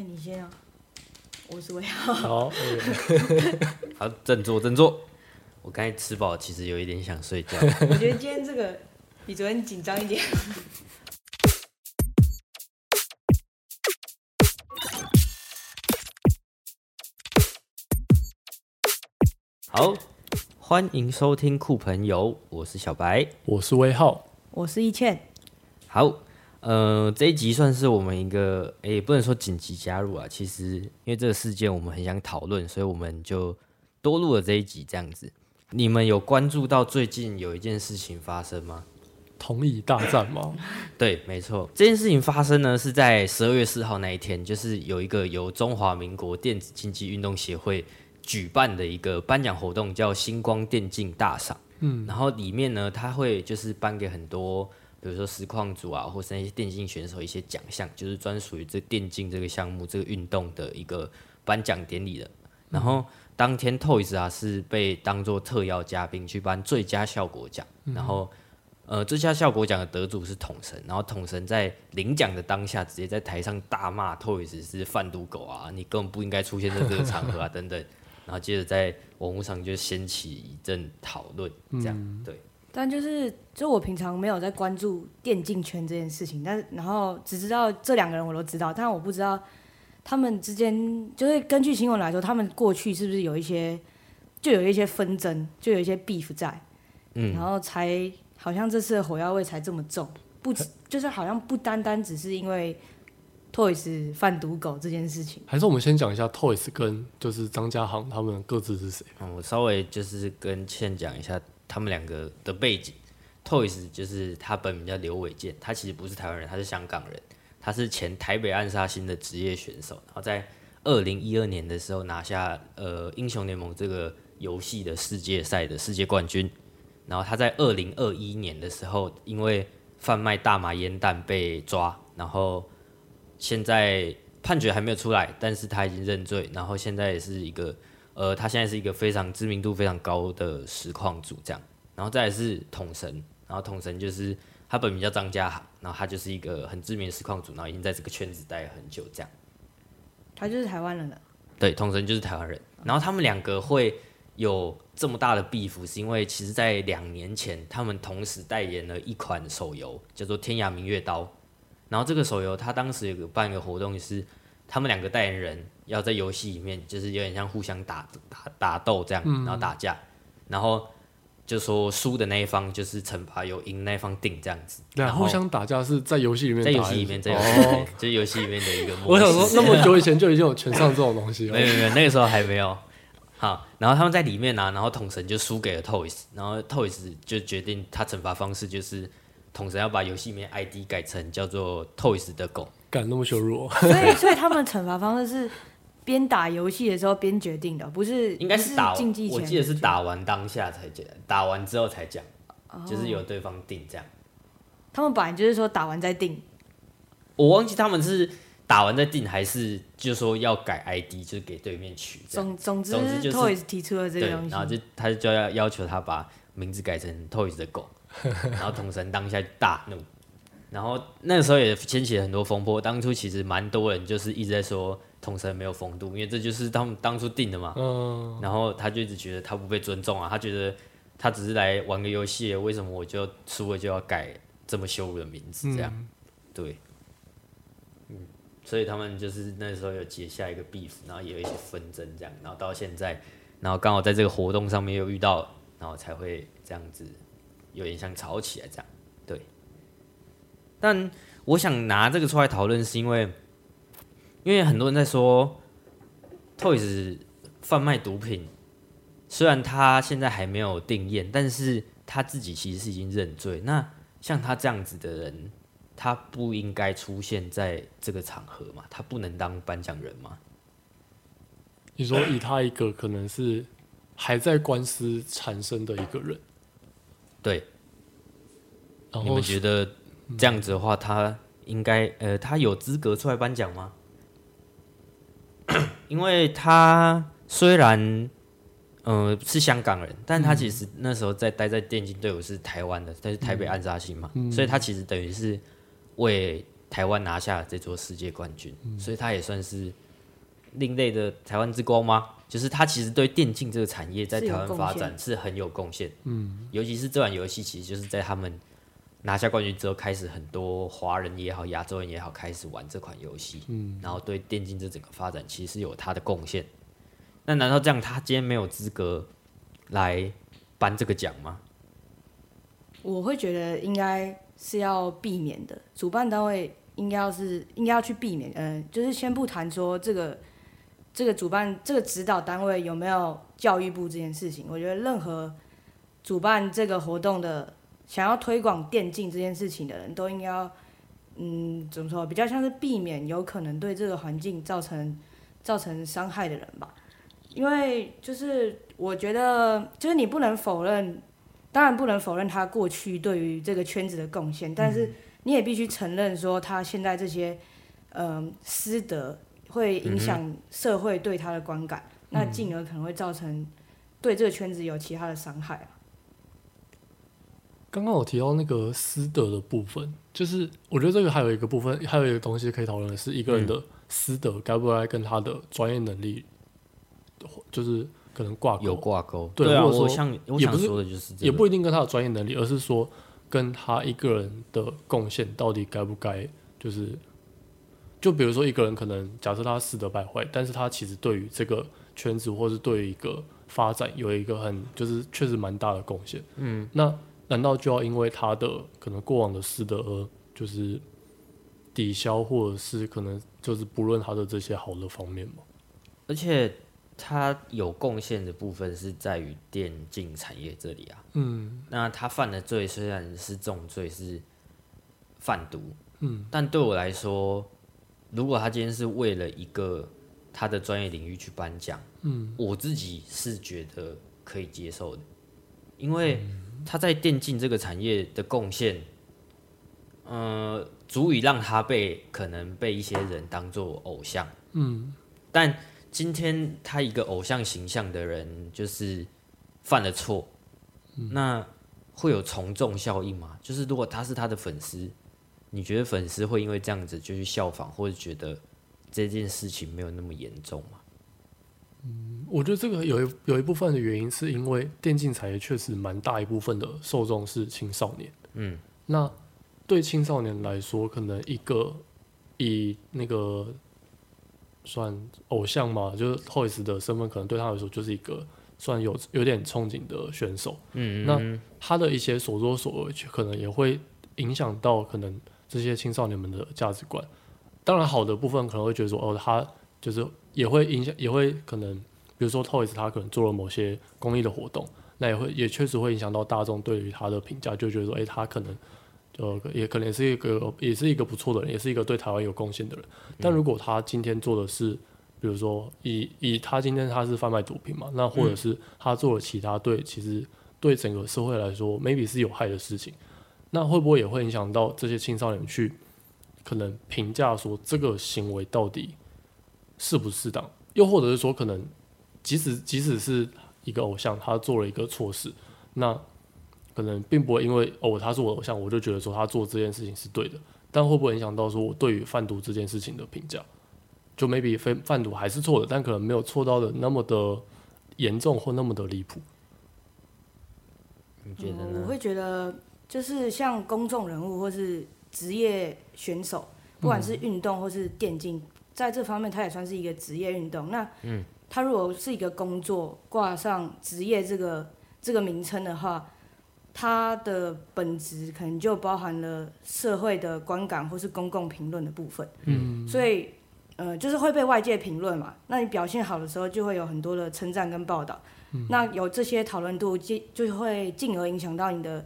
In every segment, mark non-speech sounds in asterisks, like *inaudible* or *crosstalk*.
你先啊，我是威浩。好，好，振作振作。我剛才吃飽，其實有一點想睡覺。 *laughs* 我覺得今天這個比昨天緊張一點。 *laughs* 好，歡迎收聽酷朋友，我是小白，我是威浩，我是易倩。好。呃，這一集算是我們一個，哎、欸，不能說緊急加入啊。其實因為這個事件我們很想討論，所以我們就多錄了這一集這樣子。你們有關注到最近有一件事情發生嗎？同意大戰嗎？ *laughs* 對，沒錯，這件事情發生呢是在十二月四號那一天，就是有一個由中華民國電子競技運動協會舉辦的一個頒獎活動，叫星光電競大賞。嗯，然後裡面呢，他會就是頒給很多。比如說實況主啊，或是那些電競選手一些獎項，就是專屬於這電競這個項目、這個運動的一個頒獎典禮的。然後當天 Toyz 啊是被當做特邀嘉賓去頒最佳效果獎。嗯、然後呃，最佳效果獎的得主是統神，然後統神在領獎的當下，直接在台上大罵 Toyz 是販毒狗啊，你根本不應該出現在這個場合啊， *laughs* 等等。然後接着在網絡上就掀起一陣討論，這樣、嗯、對。但就是，就我平常沒有在關注電競圈這件事情，但然後只知道這兩個人我都知道，但我不知道他們之間就是根據新聞來說，他們過去是不是有一些就有一些紛爭，就有一些 beef 在，嗯，然後才好像這次的火藥味才這麼重，不還就是好像不單單只是因為 Toyz 販毒狗這件事情，還是我們先講一下 Toyz 跟就是張家航他們各自是誰？嗯，我稍微就是跟倩講一下，他們兩個的背景，Toyz 就是他本名叫劉偉健，他其實不是台灣人，他是香港人，他是前台北暗殺星的職業選手，然後在二零一二年的時候拿下呃英雄聯盟這個遊戲的世界賽的世界冠軍，然後他在二零二一年的時候因為販賣大麻煙彈被抓，然後現在判決還沒有出來，但是他已經認罪，然後現在也是一個。呃，他現在是一個非常知名度非常高的實況主。這樣，然後再來是統神，然後統神就是他本名叫張家航，然後他就是一個很知名的實況主，然後已經在這個圈子待了很久，這樣。他就是台灣人的，對，統神就是台灣人，然後他們兩個會有這麼大的壁福，是因為其實，在兩年前，他們同時代言了一款手遊，叫做《天涯明月刀》，然後這個手遊他當時有個辦一個活動是，是他們兩個代言人，要在遊戲裡面，就是有點像互相打打打鬥這樣，然後打架。嗯、然後就說輸的那一方就是懲罰由贏那一方定這樣子。對、嗯，然後互相打架是在遊戲裡、裡面，在遊戲裡面，這就是遊戲裡面的一個模式。我想說，那麼久以前就已經有拳上這種東西了。 *laughs* 沒有沒有，那個時候還沒有。好，然後他們在裡面拿、啊，然後統神就輸給了 Toyz，然後 Toyz 就決定他懲罰方式就是統神要把遊戲裡面 ID 改成叫做 Toyz 的狗，敢那麼羞辱我， *laughs* 所以所以他們的懲罰方式是。邊打遊戲的時候邊決定的，不是，應該是打，是我記得是打完當下才講，打完之後才講。哦，就是有對方定這樣。他們本來就是說打完再定。我忘記他們是打完再定，還是就是說要改 ID，就是給對面取。總，總之，總之就是，Toys 提出了這個東西，然後就他就要要求他把名字改成 Toys 的狗，然後統神當下大怒，然後那個時候也掀起了很多風波。當初其實蠻多人就是一直在說。統神沒有風度，因為這就是他們當初定的嘛。嗯、然後他就一直覺得他不被尊重啊，他覺得他只是來玩個遊戲，為什麼我就輸了就要改這麼羞辱的名字這樣？嗯、對，嗯，所以他們就是那時候有結下一個 beef，然後也有一些紛爭這樣，然後到現在，然後剛好在這個活動上面又遇到，然後才會這樣子有點像吵起來這樣。對，但我想拿這個出來討論，是因為。因為很多人在說，Toyz 販 *coughs* 賣毒品，雖然他現在還沒有定讞，但是他自己其實是已經認罪。那像他這樣子的人，他不應該出現在這個場合嘛？他不能當頒獎人嗎？你說以他一個可能是還在官司纏身的一個人， *coughs* 對，你們覺得這樣子的話，他應該呃，他有資格出來頒獎嗎？因為他雖然，嗯、呃，是香港人，但他其實那時候在待在電競隊伍是台灣的，他是、嗯、台北暗殺星嘛，嗯、所以他其實等於是為台灣拿下這座世界冠軍，嗯、所以他也算是另類的台灣之光嘛。就是他其實對電競這個產業在台灣發展是很有貢獻，嗯，尤其是這款遊戲其實就是在他們。拿下冠軍之後，開始很多華人也好，亞洲人也好，開始玩這款遊戲，然後對電競這整個發展其實有他的貢獻。那難道這樣他今天沒有資格來頒這個獎嗎？我會覺得應該是要避免的，主辦單位應該要是應該要去避免。嗯、呃，就是先不談說這個這個主辦這個指導單位有沒有教育部這件事情，我覺得任何主辦這個活動的。想要推廣電競這件事情的人都應該要，嗯，怎麼說，比較像是避免有可能對這個環境造成造成傷害的人吧。因為就是我覺得，就是你不能否認，當然不能否認他過去對於這個圈子的貢獻，嗯、哼但是你也必須承認說他現在這些，嗯、呃，私德會影響社會對他的觀感，嗯、哼那進而可能會造成對這個圈子有其他的傷害、啊。剛剛我提到那個私德的部分，就是我覺得這個還有一個部分，還有一個東西可以討論的是，一個人的私德該不該跟他的專業能力，就是可能掛鈎？有掛鈎？對，對啊，說也不是我像我想說的就是、這個，也不一定跟他的專業能力，而是說跟他一個人的貢獻到底該不該，就是就比如說一個人可能假設他私德敗壞，但是他其實對於這個圈子或是對於一個發展有一個很就是確實蠻大的貢獻，嗯，那。難道就要因為他的可能過往的失德而就是抵消，或者是可能就是不論他的這些好的方面嗎？而且他有貢獻的部分是在於電競產業這裡啊。嗯。那他犯的罪雖然是重罪是販毒，嗯。但對我來說，如果他今天是為了一個他的專業領域去頒獎，嗯，我自己是覺得可以接受的。因為他在電競這個產業的貢獻，呃，足以讓他被可能被一些人當做偶像。嗯，但今天他一個偶像形象的人就是犯了錯，那會有從眾效應嗎？就是如果他是他的粉絲，你覺得粉絲會因為這樣子就去效仿，或者覺得這件事情沒有那麼嚴重嗎？嗯，我覺得這個有一有一部分的原因是因為電競產業確實蠻大一部分的受眾是青少年。嗯，那對青少年來說，可能一個以那個算偶像嘛，嗯、就是 Toyz 的身份，可能對他來說就是一個算有有點憧憬的選手。嗯，嗯，嗯，那他的一些所作所為，可能也會影響到可能這些青少年們的價值觀。當然，好的部分可能會覺得說，哦，他就是。也會影響，也會可能，比如說 Toyz 他可能做了某些公益的活動，嗯、那也會也確實會影響到大眾對於他的評價，就覺得說，哎、欸，他可能，就、呃、也可能也是一個也是一個不錯的人，也是一個對台灣有貢獻的人。但如果他今天做的是，嗯、比如說以以他今天他是販賣毒品嘛，那或者是他做了其他、嗯、對其實對整個社會來說 maybe 是有害的事情，那會不會也會影響到這些青少年去可能評價說這個行為到底？嗯適不適當？又或者是說，可能即使即使是一個偶像，他做了一個錯事，那可能並不會因為哦，他是我偶像，我就覺得說他做這件事情是對的。但會不會影響到說我對於販毒這件事情的評價？就 maybe 非販毒還是錯的，但可能沒有錯到的那麼的嚴重或那麼的離譜。你覺得呢？呃、我會覺得，就是像公眾人物或是職業選手，嗯、不管是運動或是電競。在這方面，他也算是一個職業運動。那，他如果是一個工作掛上職業這個這個名稱的話，他的本質可能就包含了社會的觀感或是公共評論的部分。嗯，所以，呃，就是會被外界評論嘛。那你表現好的時候，就會有很多的稱讚跟報道。嗯，那有這些討論度，就就會進而影響到你的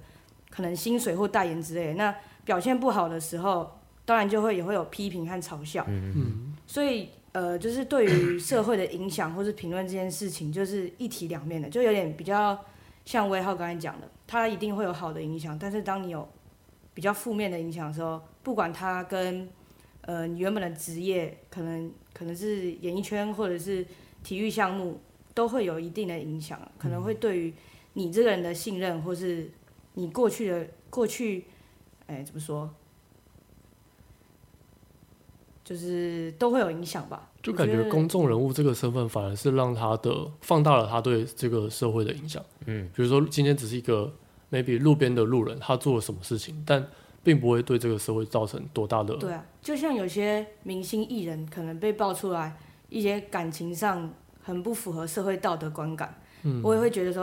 可能薪水或代言之類的。那表現不好的時候，當然就會也會有批評和嘲笑，嗯，所以呃，就是對於社會的影響或是評論這件事情，就是一體兩面的，就有點比較像威浩剛才講的，他一定會有好的影響，但是當你有比較負面的影響的時候，不管他跟呃你原本的職業，可能可能是演藝圈或者是體育項目，都會有一定的影響，可能會對於你這個人的信任或是你過去的過去，哎，怎麼說？就是都會有影響吧，就感覺公眾人物這個身份反而是讓他的放大了他對這個社會的影響。嗯，比如說今天只是一個 maybe 路邊的路人，他做了什麼事情，但並不會對這個社會造成多大的。對啊，就像有些明星藝人可能被爆出來一些感情上很不符合社會道德觀感，嗯，我也會覺得說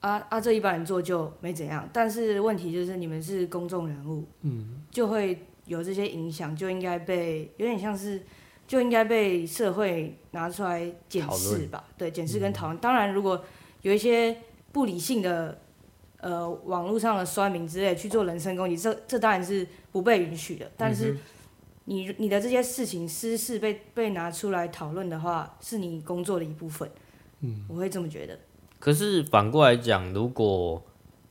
啊啊，啊這一般人做就沒怎樣，但是問題就是你們是公眾人物，嗯，就會。有這些影響，就應該被有點像是，就應該被社會拿出來檢視吧。論對，檢視跟討論。嗯、哼當然，如果有一些不理性的，呃，網絡上的酸民之類去做人身攻擊，這這當然是不被允許的。但是你，你、嗯、哼你的這些事情私事被被拿出來討論的話，是你工作的一部分。嗯，我會這麼覺得。可是反過來講，如果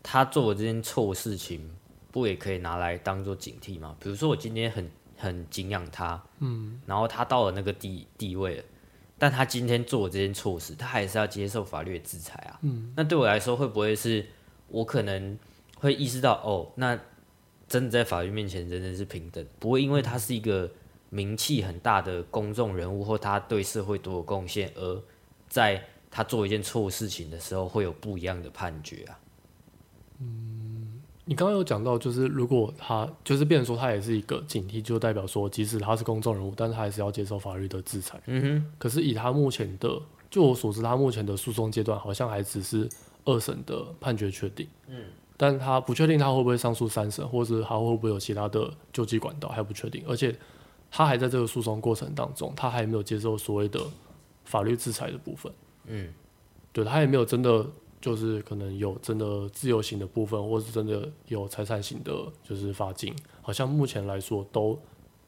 他做這件臭事情，不也可以拿來當做警惕嗎？比如說我今天很很敬仰他，嗯，然後他到了那個地地位了，但他今天做這件錯事，他還是要接受法律的制裁啊。嗯，那對我來說會不會是我可能會意識到哦，那真的在法律面前人人是平等，不會因為他是一個名氣很大的公眾人物或他對社會多有貢獻，而在他做一件錯事情的時候會有不一樣的判決啊？嗯。你剛剛有講到，就是如果他就是變成說他也是一個警惕，就代表說即使他是公眾人物，但是他還是要接受法律的制裁。嗯哼。可是以他目前的，就我所知，他目前的訴訟階段好像還只是二審的判決確定。嗯。但他不確定他會不會上訴三審，或者他會不會有其他的救濟管道還不確定。而且他還在這個訴訟過程當中，他還沒有接受所謂的法律制裁的部分。嗯。對他也沒有真的。就是可能有真的自由刑的部分，或是真的有財產刑的，就是罰金。好像目前來說都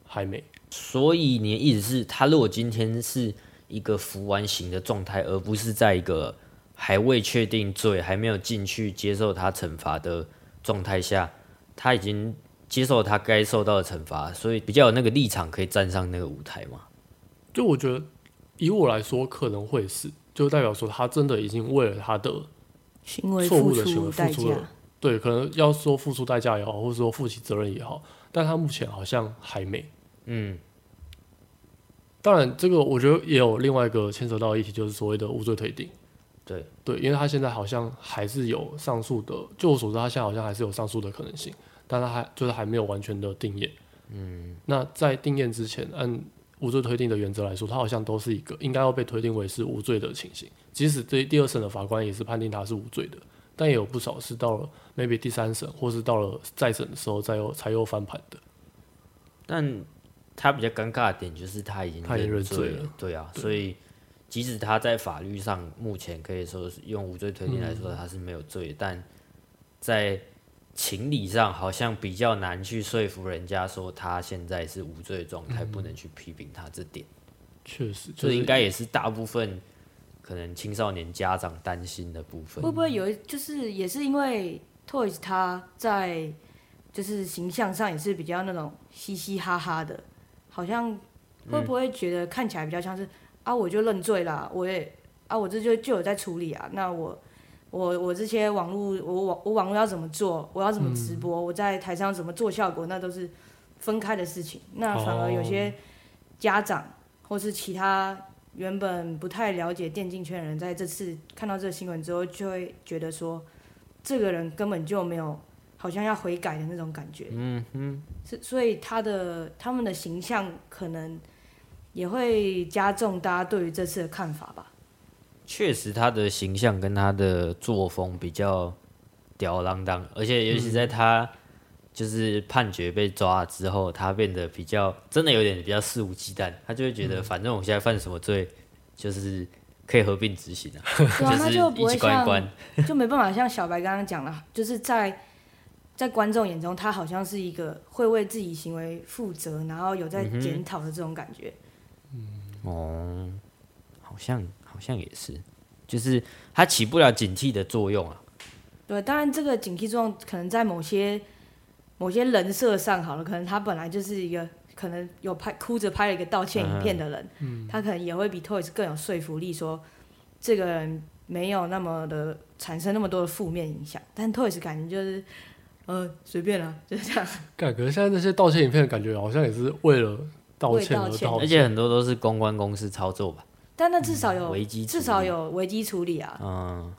還沒。所以你的意思是他如果今天是一個服完刑的狀態，而不是在一個還未確定罪、還沒有進去接受他懲罰的狀態下，他已經接受他該受到的懲罰，所以比較有那個立場可以站上那個舞台嘛？就我覺得，以我來說可能會是，就代表說他真的已經為了他的。錯誤的行為付出，為付出的，對，可能要說付出代價也好，或者說負起責任也好，但他目前好像還沒，嗯。當然，這個我覺得也有另外一個牽扯到議題，就是所謂的無罪推定，對對，因為他現在好像還是有上訴的，就我所知，他現在好像還是有上訴的可能性，但他還就是還沒有完全的定讞。嗯。那在定讞之前，按。無罪推定的原則來說，他好像都是一個應該要被推定為是無罪的情形。即使對第二審的法官也是判定他是無罪的，但也有不少是到了 maybe 第三審或是到了再審的時候，再又才又翻盤的。但他比較尷尬的點就是他已經被認罪了，對啊，所以即使他在法律上目前可以說是用無罪推定來說他是沒有罪，嗯、但在情理上好像比較難去說服人家說他現在是無罪狀態，嗯嗯，不能去批評他這點，確實，這應該也是大部分可能青少年家長擔心的部分。會不會有一就是也是因為 Toyz 他在就是形象上也是比較那種嘻嘻哈哈的，好像會不會覺得看起來比較像是、嗯、啊我就認罪啦，我也啊我這就就有在處理啊，那我。我我這些網絡，我網我網絡要怎麼做？我要怎麼直播？嗯、我在台上怎麼做效果？那都是分開的事情。那反而有些家長或是其他原本不太了解電競圈的人，在這次看到這個新聞之後，就會覺得說，這個人根本就沒有好像要悔改的那種感覺。嗯嗯。嗯所以他的他們的形象可能也會加重大家對於這次的看法吧。確實，他的形象跟他的作風比較吊兒郎當，而且尤其在他就是判決被抓之後，嗯、他變得比較真的有點比較肆無忌憚。他就會覺得，反正我現在犯什麼罪，就是可以合併執行的，啊，嗯、 *laughs* 就是一起關就沒辦法像小白剛剛講了，就是在在觀眾眼中，他好像是一個會為自己行為負責，然後有在檢討的這種感覺嗯。嗯，哦，好像。好像也是，就是他起不了警惕的作用啊。對，當然這個警惕作用可能在某些某些人設上好了，可能他本來就是一個可能有拍哭着拍了一個道歉影片的人，嗯、他可能也會比 Toyz 更有說服力說，說這個人沒有那麼的產生那麼多的負面影響。但 Toyz 感覺就是呃隨便了、啊，就是這樣。感覺現在那些道歉影片的感覺好像也是為了道歉而道歉，而且很多都是公關公司操作吧。但那至少有，危至少有危機處理啊。嗯，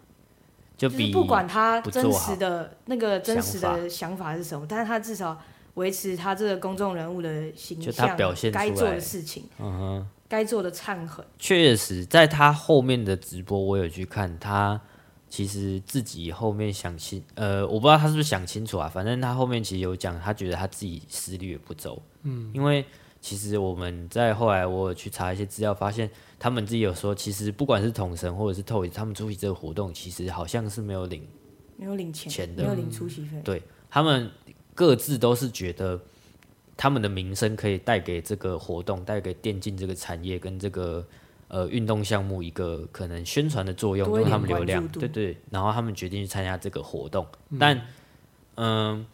就比不就不管他真實的那個真實的想法、想法是什麼，但是他至少維持他這個公眾人物的形象，就他表現該做的事情，嗯哼，該做的懺悔。確實，在他後面的直播，我有去看他，其實自己後面想清，呃，我不知道他是不是想清楚啊。反正他後面其實有講，他覺得他自己思慮也不周。嗯，因為其實我們在後來我有去查一些資料，發現。他們自己有說，其實不管是統神或者是 Toyz，他們出席這個活動，其實好像是沒有領，沒有領錢的，沒有領出席費，嗯。對他們各自都是覺得，他們的名聲可以帶給這個活動，帶給電競這個產業跟這個呃運動項目一個可能宣傳的作用，用他們流量，對，對對。然後他們決定去參加這個活動，嗯但嗯，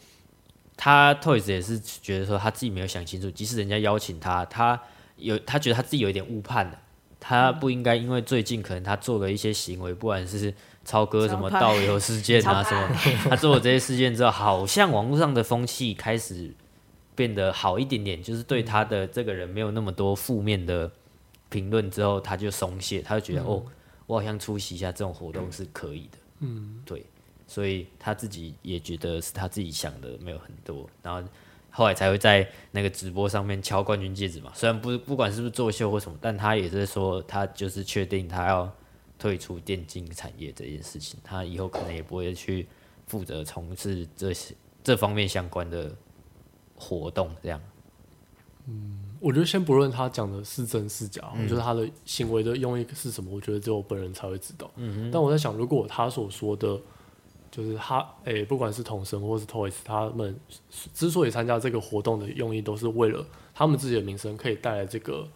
他 Toyz 也是覺得說他自己沒有想清楚，即使人家邀請他，他有他覺得他自己有一點誤判了。他不應該，因為最近可能他做了一些行為，不管是超哥什麼導遊事件啊什麼，他做了這些事件之後，好像網絡上的風氣開始變得好一點點，就是對他的這個人沒有那麼多負面的評論之後，他就鬆懈，他就覺得、嗯、哦，我好像出席一下這種活動是可以的，嗯，對，所以他自己也覺得是他自己想的沒有很多，然後。後來才會在那個直播上面敲冠軍戒指嘛，雖然不不管是不是作秀或什麼，但他也是說他就是確定他要退出電競產業這件事情，他以後可能也不會去負責從事這些這方面相關的活動這樣。嗯，我覺得先不論他講的是真是假，我覺得他的行為的用意是什麼，我覺得只有我本人才會知道。嗯哼，但我在想，如果他所說的。就是他，哎、欸，不管是統神或是 Toyz，他們之所以參加這個活動的用意，都是為了他們自己的名聲，可以帶來這個，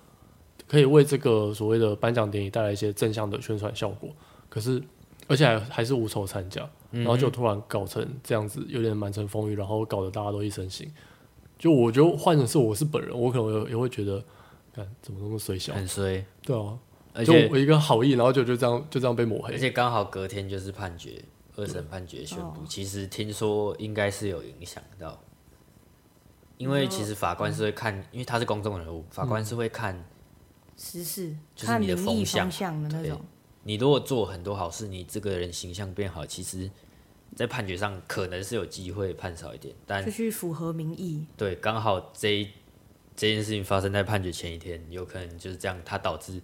可以為這個所謂的頒獎典禮帶來一些正向的宣傳效果。可是，而且還還是無酬參加，嗯、然後就突然搞成這樣子，有點滿城風雨，然後搞得大家都一身腥。就我覺得，換成是我是本人，我可能也會覺得，幹怎麼那麼衰小，很衰，對啊，且就我一個好意，然後就就這樣就這樣被抹黑，而且剛好隔天就是判決。二審判決宣布，其實聽說應該是有影響到、哦，因為其實法官是會看，嗯、因為他是公眾人物，法官是會看時事，看民意方向的那種。對，你如果做很多好事，你這個人形象變好，其實，在判決上可能是有機會判少一點，就是符合民意。對，剛好這這件事情發生在判決前一天，有可能就是這樣，他導致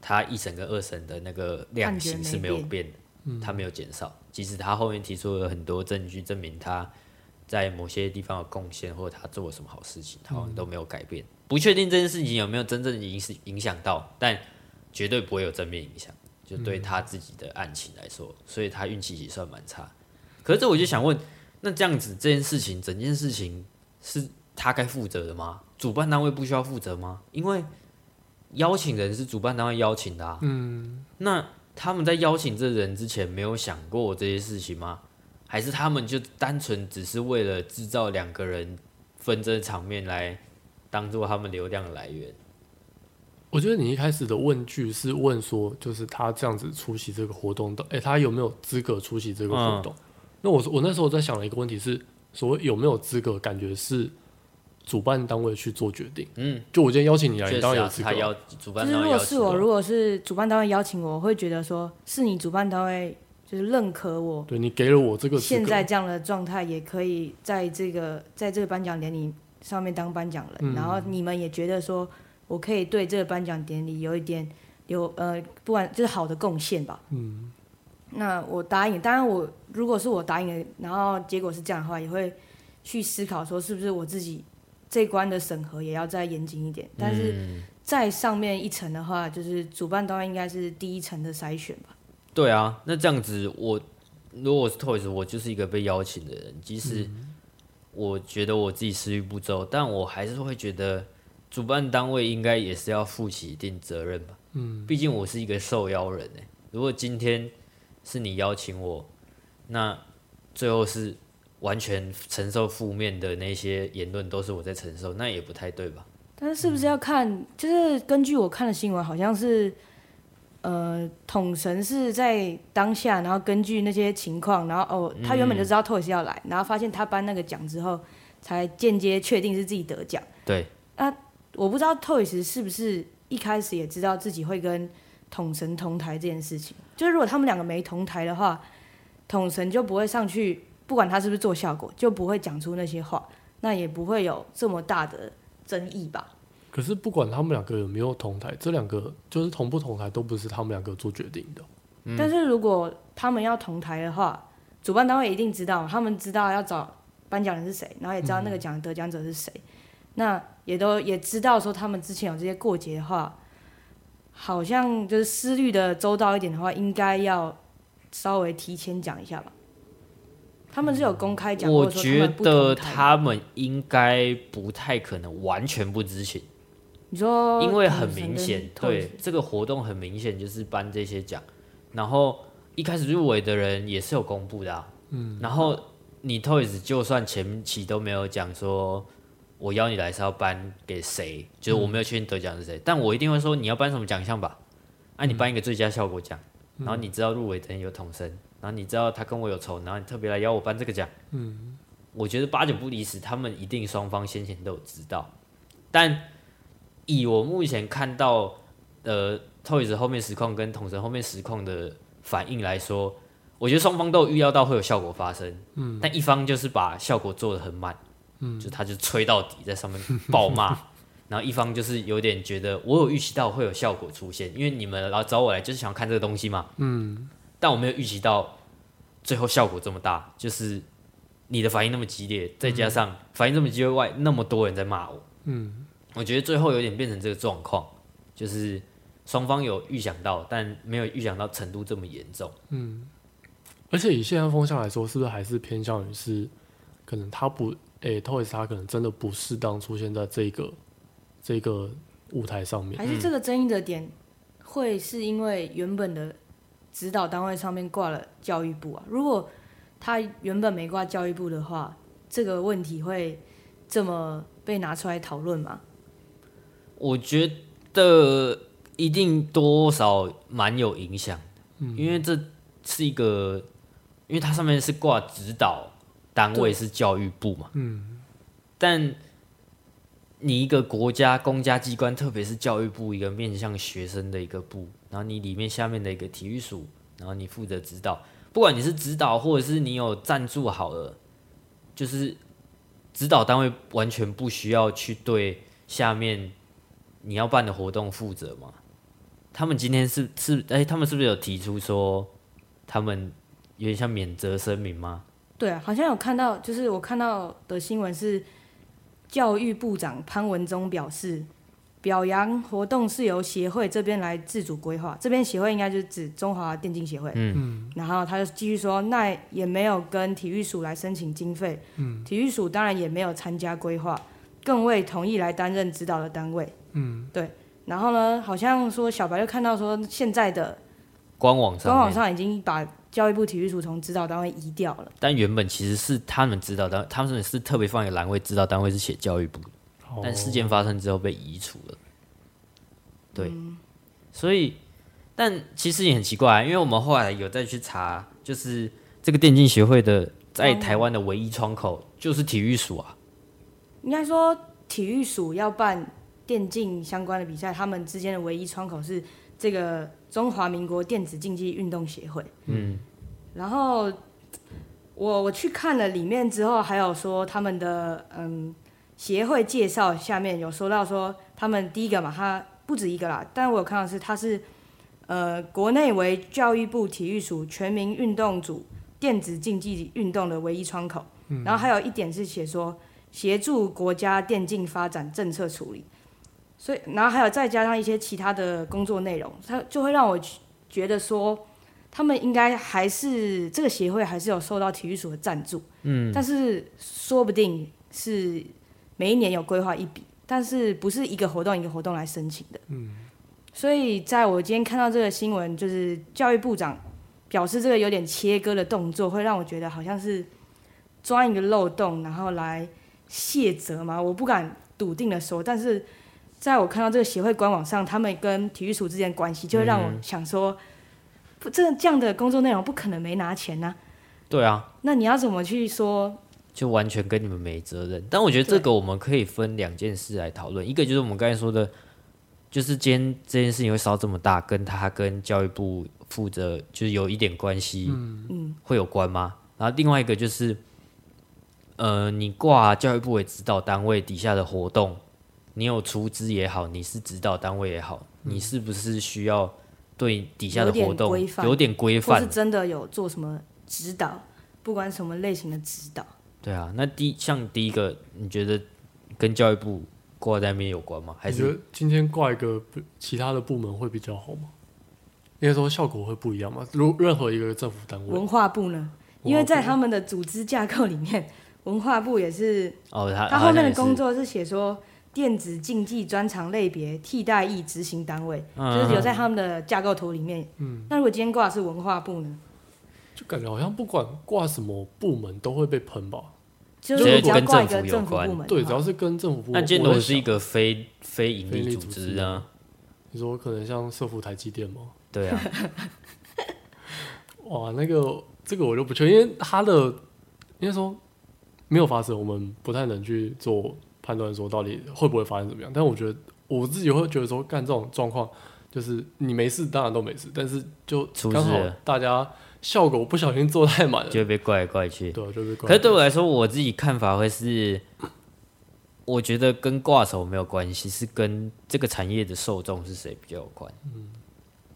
他一審跟二審的那個量刑是沒有變的。他沒有減少，即使他後面提出了很多證據證明他在某些地方有貢獻，或者他做了什麼好事情，他好像都沒有改變。不確定這件事情有沒有真正影響影響到，但絕對不會有正面影響，就對他自己的案情來說，所以他運氣也算蠻差。可是這我就想問，嗯、那這樣子這件事情，整件事情是他該負責的嗎？主辦單位不需要負責嗎？因為邀請人是主辦單位邀請的啊。嗯，那。他們在邀請這個人之前沒有想過這些事情嗎？還是他們就單純只是為了製造兩個人紛爭場面來當做他們流量來源？我覺得你一開始的問句是問說，就是他這樣子出席這個活動的，哎、欸，他有沒有資格出席這個活動？嗯、那我我那時候在想了一個問題是，所謂有沒有資格，感覺是。主辦單位去做決定。嗯，就我今天邀請你來，你當然有資格。就是如果是我，如果是主辦單位邀請我，我會覺得說，是你主辦單位就是認可我。對你給了我這個。現在這樣的狀態，也可以在這個在這個頒獎典禮上面當頒獎人。嗯、然後你們也覺得說，我可以對這個頒獎典禮有一點有呃，不管就是好的貢獻吧。嗯。那我答應，當然我如果是我答應的，然後結果是這樣的話，也會去思考說，是不是我自己。這關的審核也要再嚴謹一點，但是在上面一層的話，嗯、就是主辦單位應該是第一層的篩選吧。對啊，那這樣子我，我如果我是 Toyz，我就是一個被邀請的人，即使我覺得我自己思慮不周，但我還是會覺得主辦單位應該也是要負起一定責任吧。嗯，畢竟我是一個受邀人、欸、如果今天是你邀請我，那最後是。完全承受負面的那些言論都是我在承受，那也不太對吧？但是是不是要看？嗯、就是根據我看的新聞，好像是，呃，統神是在當下，然後根據那些情況，然後哦，他原本就知道托 y s 要來，嗯、然後發現他頒那個獎之後，才間接確定是自己得獎。對。那、啊、我不知道托 y s 是不是一開始也知道自己會跟統神同台這件事情？就是如果他們兩個沒同台的話，統神就不會上去。不管他是不是做效果，就不會講出那些話，那也不會有這麼大的爭議吧？可是不管他們兩個有沒有同台，這兩個就是同不同台都不是他們兩個做決定的。嗯、但是如果他們要同台的話，主辦單位一定知道，他們知道要找頒獎人是誰，然後也知道那個獎得獎者是誰，嗯、那也都也知道說他們之前有這些過節的話，好像就是思慮的周到一點的話，應該要稍微提前講一下吧。他們是有公開講，我覺得他們應該不太可能完全不知情。你說，因為很明顯對這個活動很明顯就是頒這些獎，然後一開始入圍的人也是有公布的，嗯、啊，然後你 Toyz 就算前期都沒有講說，我邀你來是要頒給誰，就是我沒有確定得獎是誰，但我一定會說你要頒什麼獎項吧？啊，你頒一個最佳效果獎，然後你知道入圍的人有統神然後你知道他跟我有仇，然後你特別來邀我頒這個獎。嗯，我覺得八九不離十，他們一定雙方先前都有知道。但以我目前看到呃 Toyz 後面實況跟統神後面實況的反應來說，我覺得雙方都有預料到會有效果發生。嗯，但一方就是把效果做得很慢，嗯，就他就吹到底在上面爆罵，嗯、 *laughs* 然後一方就是有點覺得我有預期到會有效果出現，因為你們然後找我來就是想要看這個東西嘛。嗯。但我沒有預想到，最後效果這麼大，就是你的反應那麼激烈，嗯、再加上反應這麼激烈外，那麼多人在罵我，嗯，我覺得最後有點變成這個狀況，就是雙方有預想到，但沒有預想到程度這麼嚴重，嗯，而且以現在風向來說，是不是還是偏向於是，可能他不，哎、欸、Toyz 他可能真的不適當出現在這個這個舞台上面，還是這個爭議的點會是因為原本的。指導單位上面掛了教育部啊，如果他原本沒掛教育部的話，這個問題會這麼被拿出來討論嗎？我覺得一定多少蠻有影響的，嗯，因為這是一個，因為它上面是掛指導單位是教育部嘛，嗯，但你一個國家公家機關，特別是教育部一個面向學生的一個部。然後你裡面下面的一個體育署，然後你負責指導，不管你是指導或者是你有贊助好了，就是指導單位完全不需要去對下面你要辦的活動負責嘛？他們今天是是哎、欸，他們是不是有提出說他們有點像免責聲明嗎？對啊，好像有看到，就是我看到的新聞是教育部長潘文忠表示。表揚活動是由協會這邊來自主規劃，這邊協會應該就是指中華電競協會。嗯，然後他就繼續說，那也沒有跟體育署來申請經費。嗯，體育署當然也沒有參加規劃，更未同意來擔任指導的單位。嗯，對。然後呢，好像說小白就看到說現在的官網上官網上已經把教育部體育署從指導單位移掉了。但原本其實是他們指導單位，他們是特別放一欄位指導單位是寫教育部。但事件發生之後被移除了，對，嗯，所以，但其實也很奇怪啊，因為我們後來有再去查，就是這個電競協會的在台灣的唯一窗口，就是體育署啊。應該說體育署要辦電競相關的比賽，他們之間的唯一窗口是這個中華民國電子競技運動協會。嗯，然後我我去看了裡面之後，還有說他們的嗯。協會介紹下面有說到說，他們第一個嘛，他不止一個啦，但我有看到是他是，呃，國內為教育部體育署全民運動組電子競技運動的唯一窗口，嗯、然後還有一點是寫說協助國家電競發展政策處理，所以然後還有再加上一些其他的工作內容，他就會讓我覺得說，他們應該還是這個協會還是有受到體育署的贊助，嗯，但是說不定是每一年有規劃一筆，但是不是一個活動一個活動來申請的。嗯、所以在我今天看到這個新聞，就是教育部長表示這個有點切割的動作，會讓我覺得好像是鑽一個漏洞，然後來卸責嘛。我不敢篤定的說，但是在我看到這個協會官網上，他們跟體育署之間關係，就會讓我想說，不、這、嗯、這樣的工作內容不可能沒拿錢呢、啊。對啊。那你要怎麼去說？就完全跟你們沒責任，但我覺得這個我們可以分兩件事來討論。對一個就是我們剛才說的，就是今天這件事情會燒這麼大，跟他跟教育部負責就是有一點關係，嗯，會有關嗎？嗯嗯、然後另外一個就是，呃，你掛教育部為指導單位底下的活動，你有出資也好，你是指導單位也好，嗯，你是不是需要對底下的活動有點規範？有點規範，有點規範是真的有做什麼指導，不管什麼類型的指導。對啊，那第一像第一個，你覺得跟教育部掛在那邊有關嗎？還是覺得今天掛一個其他的部門會比較好嗎？應該說效果會不一樣嗎。如任何一個政府單位，文化部呢？因為在他們的組織架構裡面，文化部也是哦，他他後面的工作是寫說電子競技專長類別替代役執行單位，嗯、就是有在他們的架構圖裡面。嗯，那如果今天掛的是文化部呢？就感覺好像不管掛什麼部門都會被噴吧。就是跟政府有關，對，主要是跟政府部門。那建諾是一個非非盈利組織啊組織。你說可能像社福台積電嗎？對啊。 *laughs* 哇，那個這個我就不確定，因為他的應該說沒有發生，我們不太能去做判斷，說到底會不會發生怎麼樣。但我覺得我自己會覺得說，幹這種狀況。就是你沒事，當然都沒事，但是就剛好大家效果不小心做太滿了，了，就會被怪來怪怪去。對、啊，就被。可是對我來說，我自己看法會是， *laughs* 我覺得跟掛手沒有關係，是跟這個產業的受眾是誰比較有關。嗯、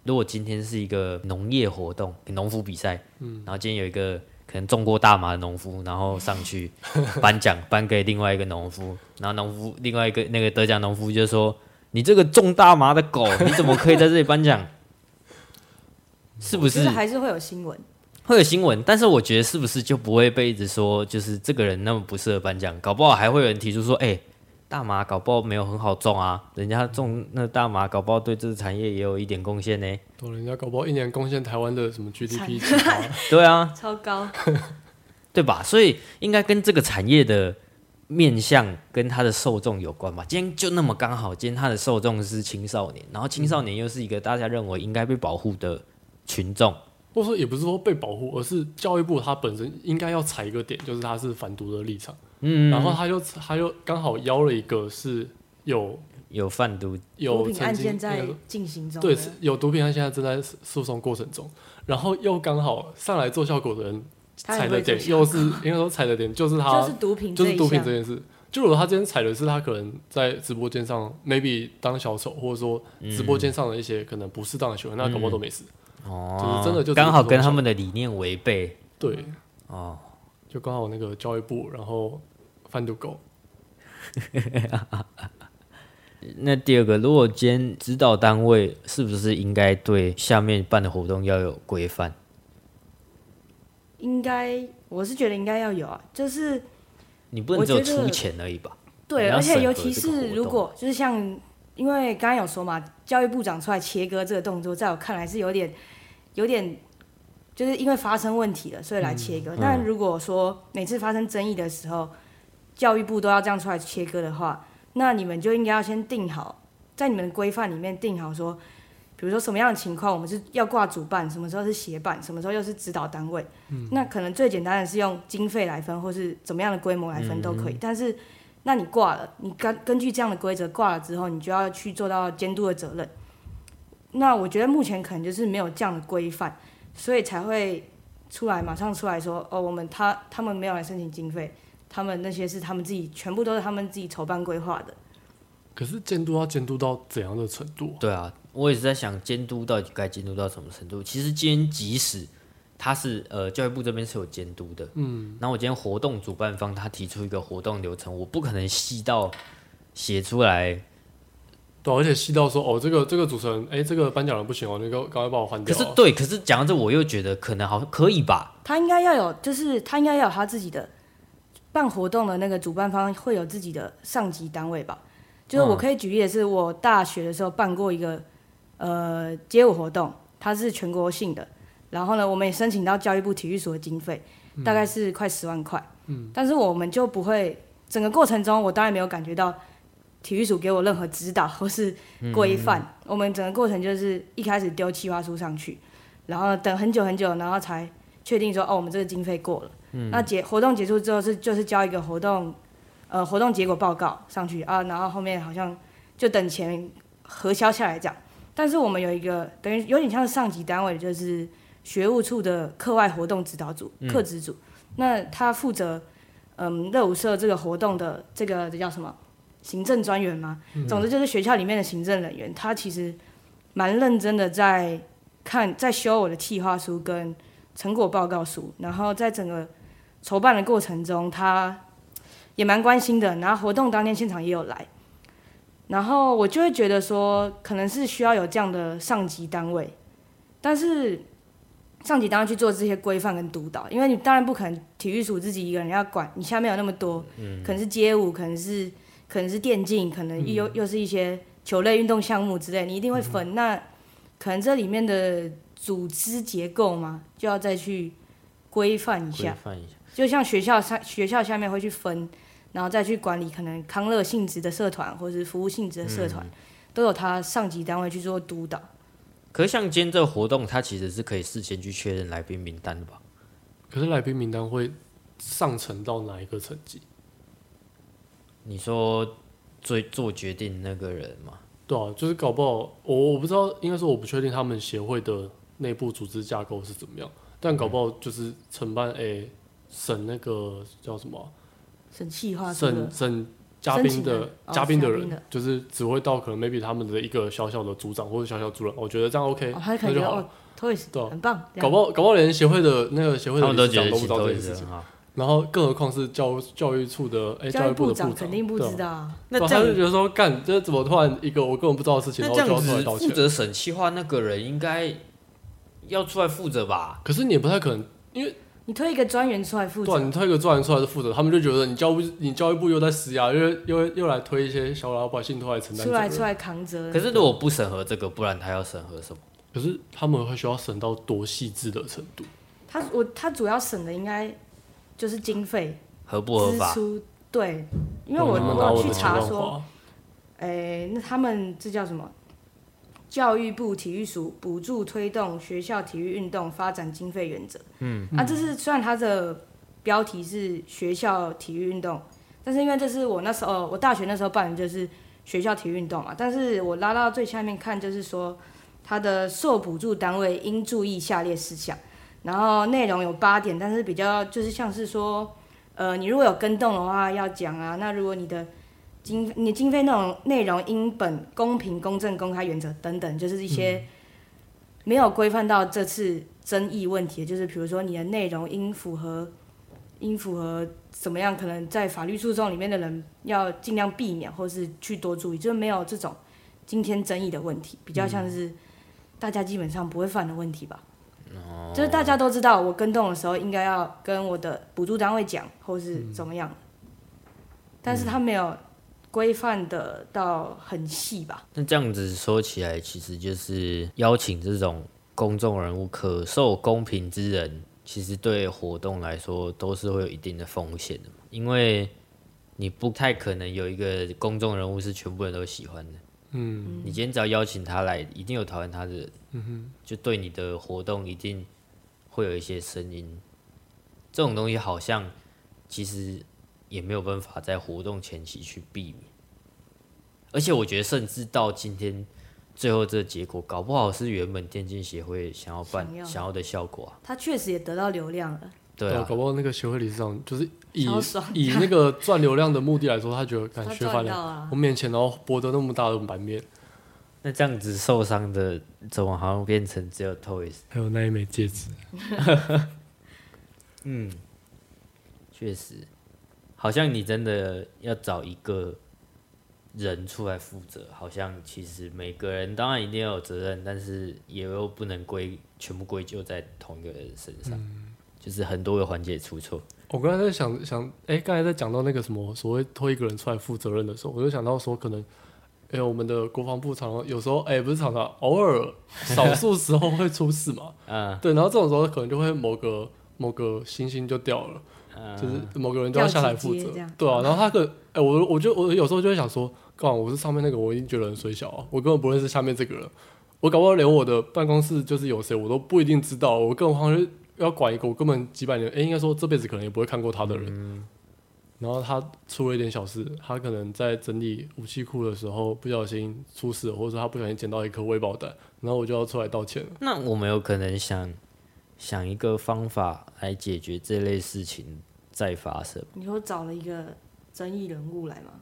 如果今天是一個農業活動，農夫比賽，嗯、然後今天有一個可能中過大麻的農夫，然後上去頒獎頒給另外一個農夫，然後農夫另外一個那個得獎農夫就是說。你這個種大麻的狗，你怎麼可以在這裡頒獎？ *laughs* 是不是？還是會有新聞？會有新聞，但是我覺得是不是就不會被一直說，就是這個人那麼不適合頒獎。搞不好還會有人提出說，誒、欸，大麻搞不好沒有很好種啊，人家種那大麻搞不好對這個產業也有一點貢獻呢。對，人家搞不好一年貢獻台灣的什麼 GDP 超高。啊？ *laughs* 對啊，超高， *laughs* 對吧？所以應該跟這個產業的。面向跟他的受眾有關吧。今天就那麼剛好，今天他的受眾是青少年，然後青少年又是一個大家認為應該被保護的群眾，不說也不是說被保護，而是教育部他本身應該要踩一個點，就是他是反毒的立場。嗯，然後他又他又剛好邀了一個是有有販毒有、那個、毒品案件在進行中，對，有毒品案件在正在訴訟過程中，然後又剛好上來做效果的人。踩的點，又是因為說踩了點，就是他就是毒品這件事。就如果他今天踩的是他，可能在直播間上，maybe 當小丑，或者說直播間上的一些可能不適當的行為，那搞不好都沒事。哦，就是真的就剛好跟他們的理念違背。對，哦，就剛好那個教育部，然後販毒狗。那第二個，如果今天指導單位是不是應該對下面辦的活動要有規範？應該，我是覺得應該要有啊，就是你不能只有、這個、出錢而已吧？對，而且尤其是如果就是像，因為剛剛有說嘛，教育部長出來切割這個動作，在我看來是有點，有點就是因為發生問題了，所以來切割。嗯、但如果說每次發生爭議的時候，嗯、教育部都要這樣出來切割的話，那你們就應該要先定好，在你們的規範裡面定好說。比如說什麼樣的情況，我們是要掛主辦，什麼時候是協辦，什麼時候又是指導單位？嗯，那可能最簡單的是用經費來分，或是怎麼樣的規模來分都可以。嗯，但是，那你掛了，你根根據這樣的規則掛了之後，你就要去做到監督的責任。那我覺得目前可能就是沒有這樣的規範，所以才會出來馬上出來說，哦，我們他他們沒有來申請經費，他們那些是他們自己全部都是他們自己籌辦規劃的。可是監督要監督到怎樣的程度？對啊。我也是在想監督到底該監督到什麼程度。其實今天即使他是呃教育部這邊是有監督的，嗯，然後我今天活動主辦方他提出一個活動流程，我不可能細到寫出來。對啊，而且細到說哦，這個這個主持人，哎，這個頒獎人不行哦，那個趕快把我換掉喔。可是對，可是講到這，我又覺得可能好可以吧？他應該要有，就是他應該要有他自己的辦活動的那個主辦方會有自己的上級單位吧？就是我可以舉例的是，嗯，我大學的時候辦過一個。呃，街舞活動它是全國性的，然後呢，我們也申請到教育部體育署的經費，嗯、大概是快十萬塊。嗯，但是我們就不會，整個過程中我當然沒有感覺到體育署給我任何指導或是規範。嗯嗯、我們整個過程就是一開始丟企劃書上去，然後等很久很久，然後才確定說哦，我們這個經費過了。嗯、那結活動結束之後是就是交一個活動，呃，活動結果報告上去啊，然後後面好像就等錢核銷下來講。但是我們有一個等於有點像是上級單位，就是學務處的課外活動指導組、課職組，嗯、那他負責嗯熱舞社這個活動的這個這叫什麼行政專員嗎？嗯、總之就是學校裡面的行政人員，他其實蠻認真的在看在修我的計劃書跟成果報告書，然後在整個籌辦的過程中，他也蠻關心的，然後活動當天現場也有來，然後我就會覺得說，可能是需要有這樣的上級單位，但是上級單位去做這些規範跟督導，因為你當然不可能體育署自己一個人要管，你下面有那麼多，嗯、可能是街舞，可能是可能是電競，可能又、嗯、又是一些球類運動項目之類，你一定會分，嗯、那可能這裡面的組織結構嘛，就要再去規範一下，規範一下，就像學校學校下面會去分。然後再去管理可能康樂性質的社團或者是服務性質的社團，嗯、都有他上級單位去做督導。可是像今天這個活動，它其實是可以事先去確認來賓名單的吧？可是來賓名單會上呈到哪一個層級？你說最做決定的那個人嗎？對啊，就是搞不好我我不知道，應該說我不確定他們協會的內部組織架構是怎麼樣，但搞不好就是承辦哎省、嗯欸、那個叫什麼？省氣話，省省嘉賓的嘉賓的人，就是只會到可能 maybe 他們的一個小小的組長或者小小組長，我覺得這樣 OK，那就好，對，很棒。搞不好搞不好連協會的那個協會的長都不知道這件事情，然後更何況是教教育處的，哎，教育部的部長肯定不知道。那他就覺得說，幹這怎麼突然一個我根本不知道的事情，然後就要道歉？負責審企劃那個人應該要出來負責吧？可是你也不太可能，因為。你推一個專員出來負責，對，你推一個專員出來是負責，他們就覺得你教務、你教育部又在施壓、啊，又又又來推一些小老百姓出來承擔，出來出來扛責。可是如果不審核這個，對不然他要審核什麼？可是他們會需要審到多細緻的程度？他我他主要審的應該就是經費合不合法？對，因為我我去查說，哎、欸，那他們這叫什麼？教育部體育署補助推動學校體育運動發展經費原則。嗯，嗯啊，這是雖然它的標題是學校體育運動，但是因為這是我那時候、哦、我大學那時候辦的就是學校體育運動嘛，但是我拉到最下面看，就是說它的受補助單位應注意下列事項，然後內容有八點，但是比較就是像是說，呃，你如果有跟動的話要講啊，那如果你的經你經費那種內容應本公平、公正、公開原則等等，就是一些沒有規範到這次爭議問題，就是比如說你的內容應符合應符合怎麼樣，可能在法律訴訟裡面的人要盡量避免，或是去多注意，就是沒有這種今天爭議的問題，比較像是大家基本上不會犯的問題吧。就是大家都知道，我跟動的時候應該要跟我的補助單位講，或是怎麼樣，但是他沒有。規範的到很細吧。那這樣子說起來，其實就是邀請這種公眾人物，可受公評之人，其實對活動來說都是會有一定的風險的。因為你不太可能有一個公眾人物是全部人都喜歡的。嗯，你今天只要邀請他來，一定有討厭他的人。嗯哼，就對你的活動一定會有一些聲音。這種東西好像其實。也沒有辦法在活動前期去避免，而且我覺得，甚至到今天最後這個結果，搞不好是原本電競協會想要辦想要，想要的效果啊。他確實也得到流量了。對啊對，搞不好那個協會理事長就是以以那個賺流量的目的來說，他覺得感覺花了我面前然後博得那麼大的版面，那這樣子受傷的，怎麼好像變成只有 Toyz 還有那一枚戒指？ *laughs* *laughs* 嗯，確實。好像你真的要找一個人出來負責，好像其實每個人當然一定要有責任，但是也又不能歸全部歸咎在同一個人身上，嗯、就是很多個環節出錯。我剛才在想想，哎、欸，剛才在講到那個什麼所謂推一個人出來負責任的時候，我就想到說，可能哎、欸、我們的國防部常常有時候哎、欸、不是常常偶爾少數時候會出事嘛， *laughs* 嗯，對，然後這種時候可能就會某個某個星星就掉了。就是某個人都要下來負責，對啊，然後他可能，哎、欸，我，我就，我有時候就會想說，剛好，我是上面那個，我已經覺得很衰小、啊、我根本不認識下面這個人，我搞不好連我的辦公室就是有誰，我都不一定知道，我更何況要管一個我根本幾百年，哎、欸，應該說這輩子可能也不會看過他的人，嗯、然後他出了一點小事，他可能在整理武器庫的時候不小心出事，或者說他不小心撿到一顆未爆彈，然後我就要出來道歉。那我們有沒有可能想想一個方法來解決這類事情再發生？你說找了一個爭議人物來嗎？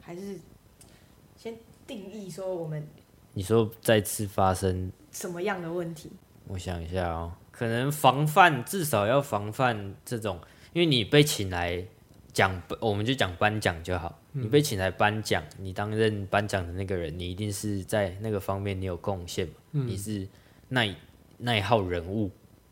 還是先定義說我們？你說再次發生什麼樣的問題？我想一下哦、喔，可能防範至少要防範這種，因為你被請來講，我們就講頒獎就好。嗯、你被請來頒獎，你擔任頒獎的那個人，你一定是在那個方面你有貢獻，嗯、你是那一那一號人物，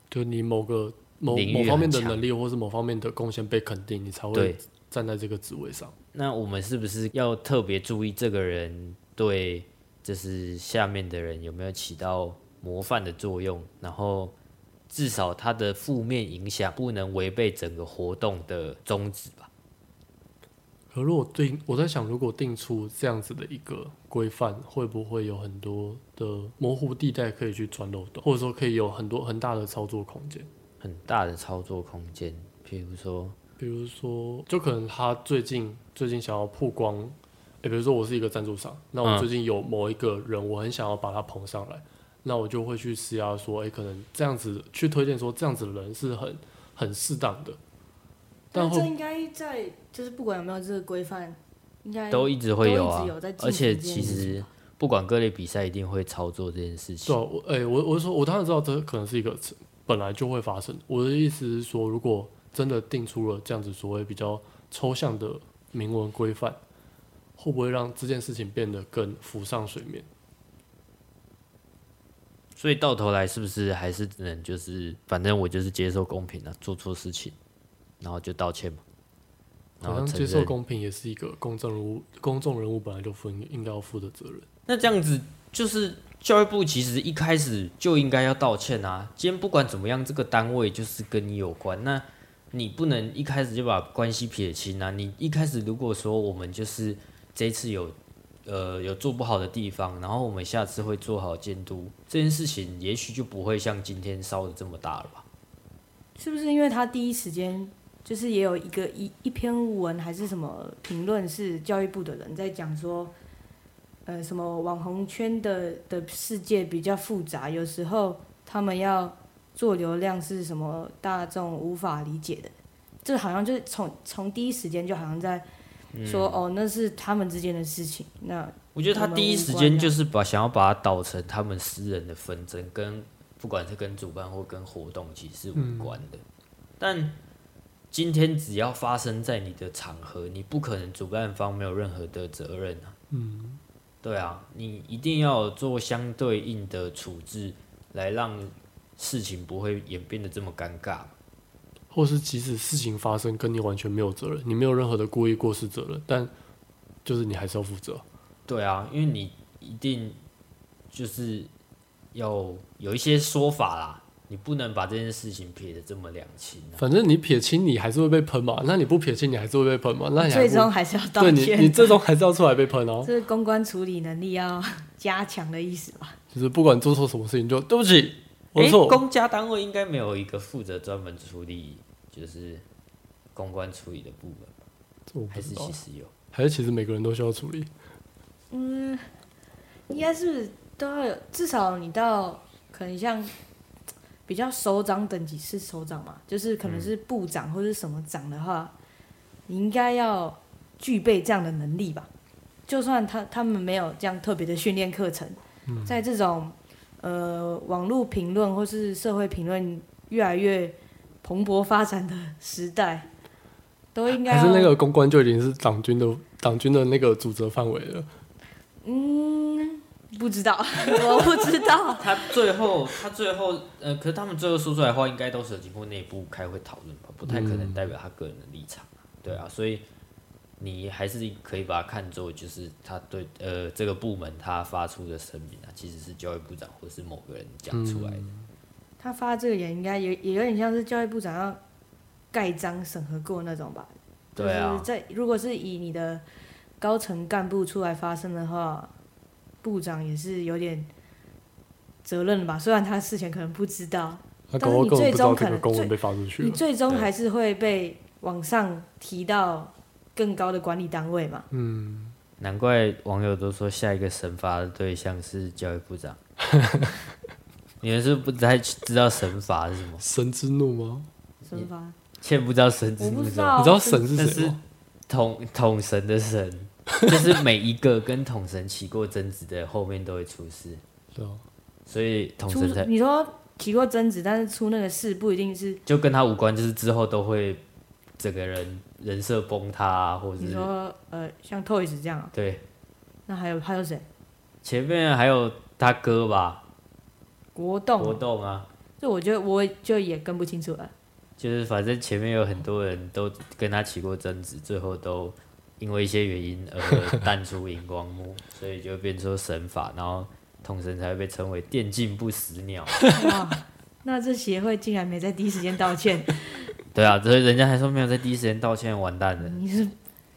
就你某個。某某方面的能力，或是某方面的貢獻被肯定，你才會站在這個職位上。那我們是不是要特別注意這個人對，就是下面的人有沒有起到模範的作用？然後至少他的負面影響不能違背整個活動的宗旨吧？可如果定，我在想，如果定出這樣子的一個規範，會不會有很多的模糊地帶可以去鑽漏洞，或者說可以有很多很大的操作空間？很大的操作空間，比如說，比如說，就可能他最近最近想要曝光，哎、欸，比如說我是一個贊助商，那我最近有某一個人，我很想要把他捧上來，那我就會去施壓說，哎、欸，可能這樣子去推薦說這樣子的人是很很適當的。但這應該在就是不管有沒有這個規範，應該都一直會有啊，而且其實不管各類比賽一定會操作這件事情。對、啊欸，我我就說我當然知道這可能是一個。本來就會發生。我的意思是說，如果真的定出了這樣子所謂比較抽象的明文規範，會不會讓這件事情變得更浮上水面？所以到頭來，是不是還是只能就是，反正我就是接受公平了、啊，做錯事情，然後就道歉嘛？好像接受公平也是一個公眾人物，公眾人物本來就負應該要負的責任。那這樣子就是。教育部其實一開始就應該要道歉啊！既然不管怎麼樣，這個單位就是跟你有關，那你不能一開始就把關係撇清啊！你一開始如果說我們就是這次有呃有做不好的地方，然後我們下次會做好監督這件事情，也許就不會像今天燒得這麼大了吧？是不是因為他第一時間就是也有一個一一篇文還是什麼評論，是教育部的人在講說，呃，什麼網紅圈的的世界比較複雜，有時候他們要做流量是什麼大眾無法理解的，這好像就是從從第一時間就好像在說，嗯，哦，那是他們之間的事情。那我覺得他第一時間就是把想要把它導成他們私人的紛爭，跟不管是跟主辦或跟活動其實是無關的。嗯，但今天只要發生在你的場合，你不可能主辦方沒有任何的責任啊。嗯。對啊，你一定要做相對應的處置，來讓事情不會演變得這麼尷尬，或是即使事情發生跟你完全沒有責任，你沒有任何的故意過失責任，但就是你還是要負責。對啊，因為你一定就是要有一些說法啦。你不能把這件事情撇得這麼兩清、啊。反正你撇清，你還是會被噴嘛。那你不撇清，你還是會被噴嘛。那你最終還是要道歉。 *laughs* 你，你最終還是要出來被噴哦、喔。這是公關處理能力要加強的意思嘛。就是不管做錯什麼事情就，就對不起，沒錯、欸。我錯。公家單位應該沒有一個負責專門處理就是公關處理的部門吧？啊、還是其實有？還是其實每個人都需要處理？嗯，應該是,是都要有。至少你到可能像。比較首長等級是首長嘛，就是可能是部長或者什麼長的話，嗯、你應該要具備這樣的能力吧。就算他他們沒有這樣特別的訓練課程，嗯、在這種呃網絡評論或是社會評論越來越蓬勃發展的時代，都應該還是那個公關就已經是黨軍的黨軍的那個組織範圍了。嗯。不知道，我不知道。 *laughs* 他最後，他最後，呃，可是他們最後說出來的話，應該都是有經過內部開會討論吧，不太可能代表他個人的立場。啊，對啊，所以你還是可以把它看作就是他對呃這個部門他發出的聲明啊，其實是教育部長或是某個人講出來的。嗯、他發這個也應該也也有點像是教育部長要蓋章審核過那種吧？對啊，就是在如果是以你的高層幹部出來發聲的話。部長也是有點責任吧？雖然他事前可能不知道，但是你最終可能最你最終還是會被往上提到更高的管理單位嘛？嗯，難怪網友都說下一個神罰的對象是教育部長。 *laughs* 你們是不太知道神罰是什麼？神之怒嗎？神罰？卻不知道神之怒是什麼？我不知道，你知道神是誰是統統神的神。 *laughs* 就是每一個跟統神起過爭執的，後面都會出事。所以統神他你說起過爭執，但是出那個事不一定是就跟他無關，就是之後都會整個人人設崩塌，啊，或者是你說呃，像 Toyz 這樣，對，那還有還有誰？前面還有他哥吧？國棟，國棟啊？這我覺得我就也跟不清楚了。就是反正前面有很多人都跟他起過爭執，最後都。因為一些原因而淡出熒光幕， *laughs* 所以就變出神法，然後統神才會被稱為電競不死鳥。那這協會竟然沒在第一時間道歉？對啊，所以人家還說沒有在第一時間道歉，完蛋了。你是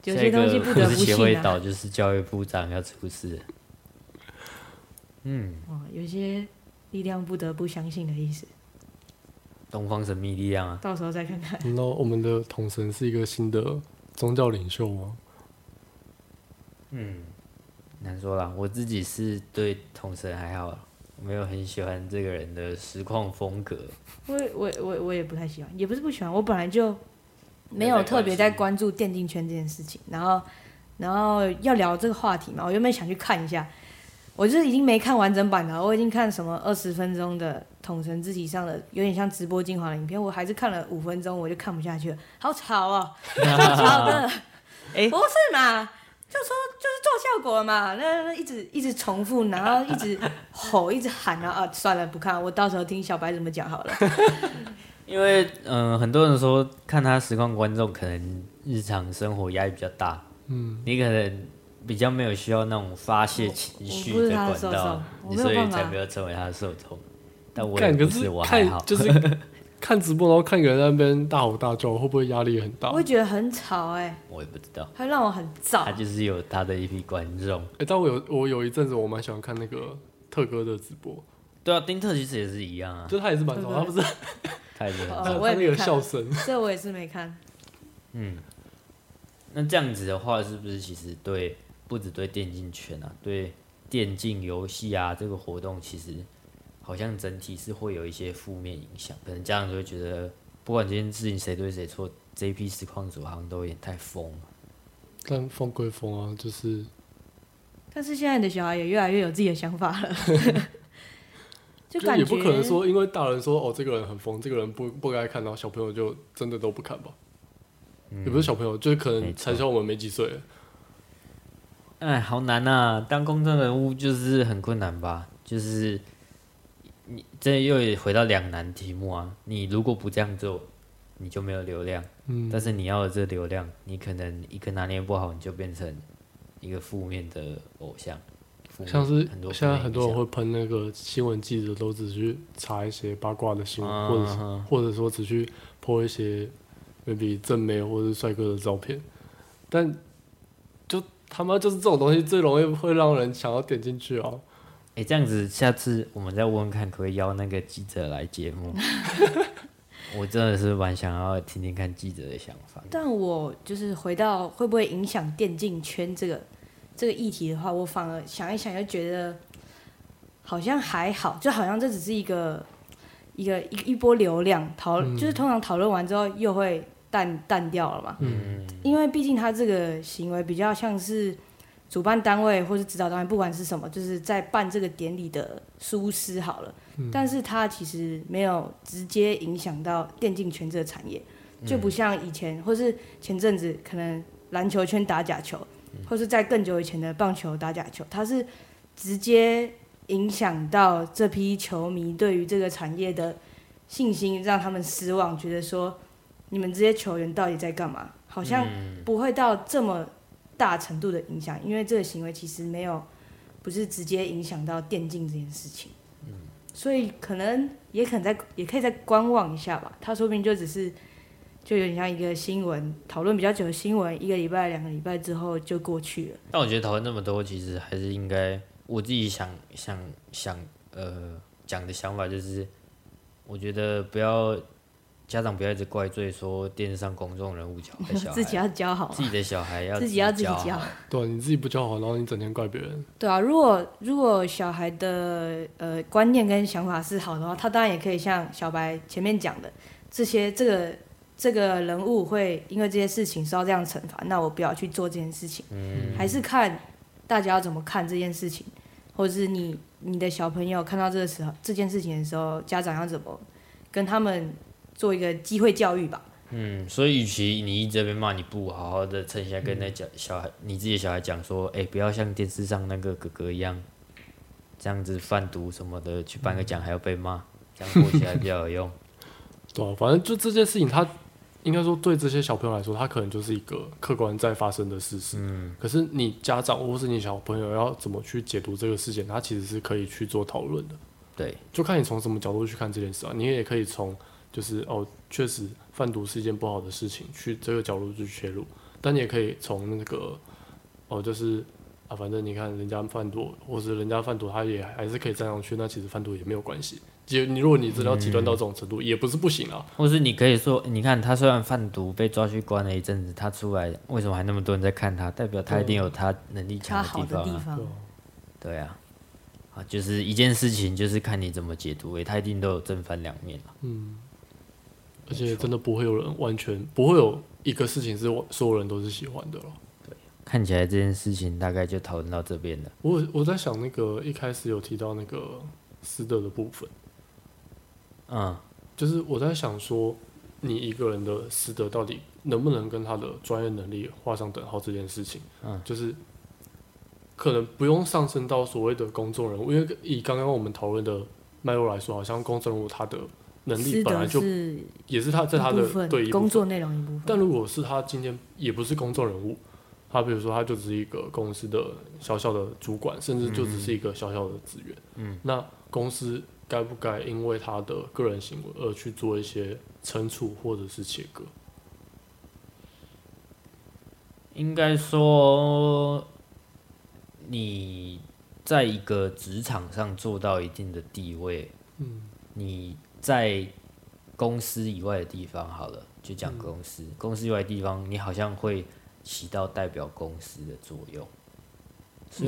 有些東西不得不信啊。協會倒就是教育部長要出事。嗯，有些力量不得不相信的意思。東方神秘力量啊，到時候再看看。那我們的統神是一個新的宗教領袖嗎？嗯，難說啦。我自己是對統神還好，沒有很喜歡這個人的實況風格。我我我我也不太喜歡，也不是不喜歡。我本來就沒有特別在關注電競圈這件事情，然後然後要聊這個話題嘛，我原本想去看一下，我就是已經沒看完整版了，我已經看什麼二十分鐘的統神自己上的，有點像直播精華的影片，我還是看了五分鐘，我就看不下去了，好吵哦、喔， *laughs* *laughs* 好吵的，欸、不是嘛？就說就是做效果嘛，那一直一直重複，然後一直吼，一直喊啊！啊，算了，不看，我到時候聽小白怎麼講好了。 *laughs* 因為嗯、呃，很多人說看他實況，觀眾可能日常生活壓力比較大，嗯，你可能比較沒有需要那種發洩情緒的管道，不是他你所以才沒有成為他的受眾。我但我也不是我還好，看直播，然後看一個人在那邊大吼大叫，會不會壓力很大？我會覺得很吵，欸，哎。我也不知道。他讓我很燥。他就是有他的一批觀眾。哎，欸，但我有我有一陣子我蠻喜歡看那個特哥的直播。對啊，丁特其實也是一樣啊，就他也是蠻吵的，對對對，他不是太 *laughs* 熱，他那有笑聲。所以我也是沒看。嗯，那這樣子的話，是不是其實對不只對電競圈啊，對電競遊戲啊這個活動，其實。好像整體是會有一些負面影響，可能家長就會覺得，不管這件事情誰對誰錯，這批實況主好像都有點太瘋了。但瘋歸瘋啊，就是。但是現在的小孩也越來越有自己的想法了， *laughs* 就感覺也不可能說， *laughs* 覺因為大人說哦，這個人很瘋，這個人不不該看到，然後小朋友就真的都不看吧？嗯、也不是小朋友，就是可能才像我們沒幾歲。錯哎，好難啊，當公眾人物就是很困難吧，就是。這又回到兩難題目啊！你如果不這樣做，你就沒有流量；嗯、但是你要有這流量，你可能一個拿捏不好，你就變成一個負面的偶像。像是很多像現在很多人會噴那個新聞記者，都只去查一些八卦的新聞，啊、或者是、啊、或者說，只去破一些 maybe 正妹或者是帥哥的照片，但就他媽就是這種東西最容易會讓人想要點進去啊。哎，欸、這樣子，下次我們再問問看，可不可以邀那個記者來節目？ *laughs* *laughs* 我真的是蠻想要聽聽看記者的想法。但我就是回到會不會影響電競圈這個這個議題的話，我反而想一想，又覺得好像還好，就好像這只是一個一個一一波流量討論，嗯、就是通常討論完之後又會淡淡掉了嘛。嗯，因為畢竟他這個行為比較像是。主辦單位或者指導單位，不管是什麼，就是在辦這個典禮的疏失好了，嗯、但是他其實沒有直接影響到電競圈這個產業，就不像以前或是前陣子可能籃球圈打假球，或是在更久以前的棒球打假球，他是直接影響到這批球迷對於這個產業的信心，讓他們失望，覺得說你們這些球員到底在幹嘛？好像不會到這麼。大程度的影響，因為這個行為其實沒有，不是直接影響到電競這件事情。嗯，所以可能也可能在，也可以再觀望一下吧。他說不定就只是，就有點像一個新聞，討論比較久的新聞，一個禮拜、兩個禮拜之後就過去了。但我覺得討論那麼多，其實還是應該，我自己想想想，呃，講的想法就是，我覺得不要。家長不要一直怪罪，說電視上公眾人物教自己要教好啊，自己的小孩，要自己要自己教。對啊，你自己不教好，然後你整天怪別人。對啊，如果如果小孩的呃觀念跟想法是好的話，他當然也可以像小白前面講的，這些這個這個人物會因為這些事情受到這樣懲罰，那我不要去做這件事情。嗯，還是看大家要怎麼看這件事情，或者是你你的小朋友看到這個時候這件事情的時候，家長要怎麼跟他們。做一個機會教育吧。嗯，所以與其你這邊罵，你不好好的趁現在跟那講小孩，嗯、你自己小孩講說，哎、欸，不要像電視上那個哥哥一樣，這樣子販毒什麼的，去頒個獎還要被罵，嗯、這樣做起來比較有用。 *laughs* 對、啊，反正就這件事情，他應該說，對這些小朋友來說，他可能就是一個客觀在發生的事實。嗯，可是你家長或是你小朋友要怎麼去解讀這個事件，他其實是可以去做討論的。對，就看你從什麼角度去看這件事啊。你也可以從，就是哦，確實販毒是一件不好的事情，去這個角度去切入。但你也可以從那個，哦，就是啊，反正你看人家販毒，或是人家販毒，他也還是可以站上去。那其實販毒也沒有關係。你如果你知道極端到這種程度，嗯、也不是不行啊。或是你可以說，你看他雖然販毒被抓去關了一陣子，他出來為什麼還那麼多人在看他？代表他一定有他能力強、他好的地方。對啊。啊，就是一件事情，就是看你怎麼解讀。欸，為他一定都有正反兩面了。嗯，而且真的不會有人完全不會有一個事情是我所有人都是喜歡的了。對，看起來這件事情大概就討論到這邊了。我我在想那個一開始有提到那個師德的部分，嗯，就是我在想說，你一個人的師德到底能不能跟他的專業能力畫上等號這件事情，嗯，就是。可能不用上升到所謂的公眾人物，因為以剛剛我們討論的脈絡來說，好像公眾人物他的能力本來就也是他在他的，是的是一部分，對一部分，工作內容一部分。但如果是他今天也不是公眾人物，他比如說他就只是一個公司的小小的主管，甚至就只是一個小小的職員，嗯哼，那公司該不該因為他的個人行為而去做一些懲處或者是切割？應該說。你在一個職場上做到一定的地位，嗯，你在公司以外的地方，好了，就講公司，嗯、公司以外的地方，你好像會起到代表公司的作用。嗯、